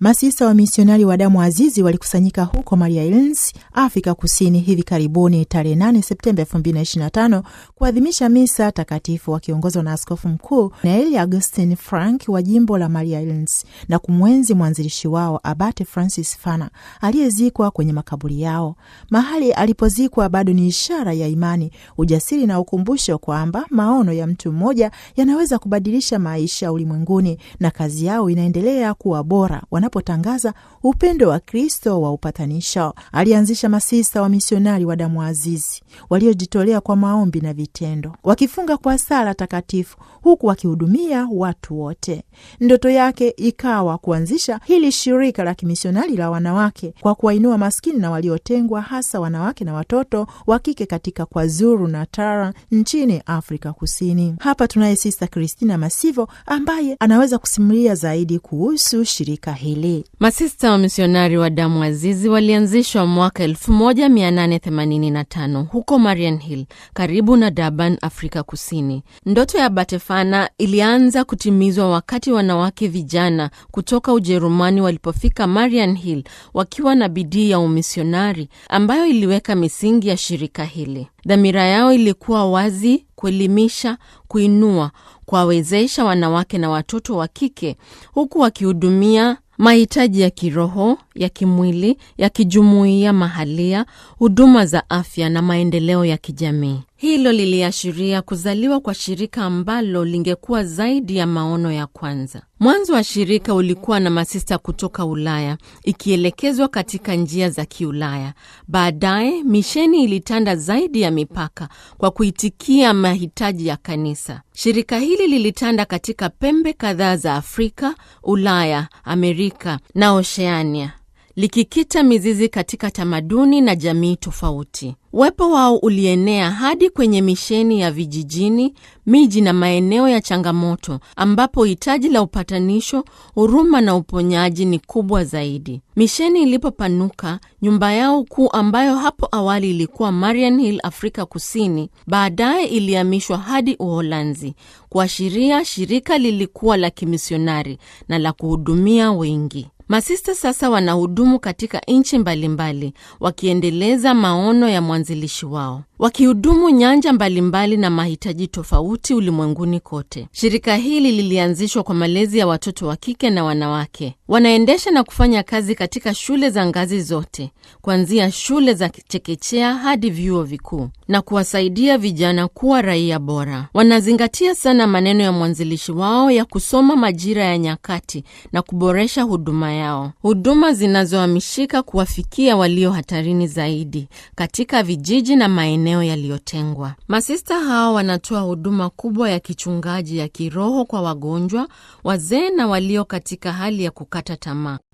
Masista wa misionari wa damu azizi walikusanyika huko Maria Hills, Afrika Kusini hivi karibuni tarehe 8 Septemba 2025 kuadhimisha misa takatifu wakiongozwa na askofu mkuu Neil augustin Frank wa jimbo la Maria Hills na kumwenzi mwanzilishi wao Abate Francis Fana aliyezikwa kwenye makaburi yao. Mahali alipozikwa bado ni ishara ya imani, ujasiri na ukumbusho kwamba maono ya mtu mmoja yanaweza kubadilisha maisha ulimwenguni na kazi yao inaendelea kuwa bora anapotangaza upendo wa Kristo wa upatanisho. Alianzisha masista wa misionari wa damu azizi waliojitolea kwa maombi na vitendo, wakifunga kwa sala takatifu, huku wakihudumia watu wote. Ndoto yake ikawa kuanzisha hili shirika la kimisionari la wanawake kwa kuwainua maskini na waliotengwa, hasa wanawake na watoto wa kike katika KwaZulu Natal nchini Afrika Kusini. Hapa tunaye Sista Kristina Masivo ambaye anaweza kusimulia zaidi kuhusu shirika hili mbili Masista wa misionari wa damu azizi walianzishwa mwaka 1885 huko Marian Hill karibu na Durban, Afrika Kusini. Ndoto ya Batefana ilianza kutimizwa wakati wanawake vijana kutoka Ujerumani walipofika Marian Hill wakiwa na bidii ya umisionari ambayo iliweka misingi ya shirika hili. Dhamira yao ilikuwa wazi: kuelimisha, kuinua, kuwawezesha wanawake na watoto wa kike huku wakihudumia mahitaji ya kiroho, ya kimwili, ya kijumuiya mahalia, huduma za afya na maendeleo ya kijamii. Hilo liliashiria kuzaliwa kwa shirika ambalo lingekuwa zaidi ya maono ya kwanza. Mwanzo wa shirika ulikuwa na masista kutoka Ulaya, ikielekezwa katika njia za Kiulaya. Baadaye misheni ilitanda zaidi ya mipaka kwa kuitikia mahitaji ya kanisa. Shirika hili lilitanda katika pembe kadhaa za Afrika, Ulaya, Amerika na Oceania likikita mizizi katika tamaduni na jamii tofauti. Uwepo wao ulienea hadi kwenye misheni ya vijijini, miji na maeneo ya changamoto ambapo hitaji la upatanisho, huruma na uponyaji ni kubwa zaidi. Misheni ilipopanuka, nyumba yao kuu ambayo hapo awali ilikuwa Marian Hill, Afrika Kusini, baadaye ilihamishwa hadi Uholanzi, kuashiria shirika lilikuwa la kimisionari na la kuhudumia wengi. Masista sasa wanahudumu katika nchi mbalimbali, wakiendeleza maono ya mwanzilishi wao, wakihudumu nyanja mbalimbali na mahitaji tofauti ulimwenguni kote. Shirika hili lilianzishwa kwa malezi ya watoto wa kike na wanawake. Wanaendesha na kufanya kazi katika shule za ngazi zote, kuanzia shule za chekechea hadi vyuo vikuu, na kuwasaidia vijana kuwa raia bora. Wanazingatia sana maneno ya mwanzilishi wao ya kusoma majira ya nyakati na kuboresha huduma yao, huduma zinazohamishika kuwafikia walio hatarini zaidi katika vijiji na maeneo yaliyotengwa. Masista hao wanatoa huduma kubwa ya kichungaji ya kiroho kwa wagonjwa, wazee na walio katika hali ya kukata tamaa.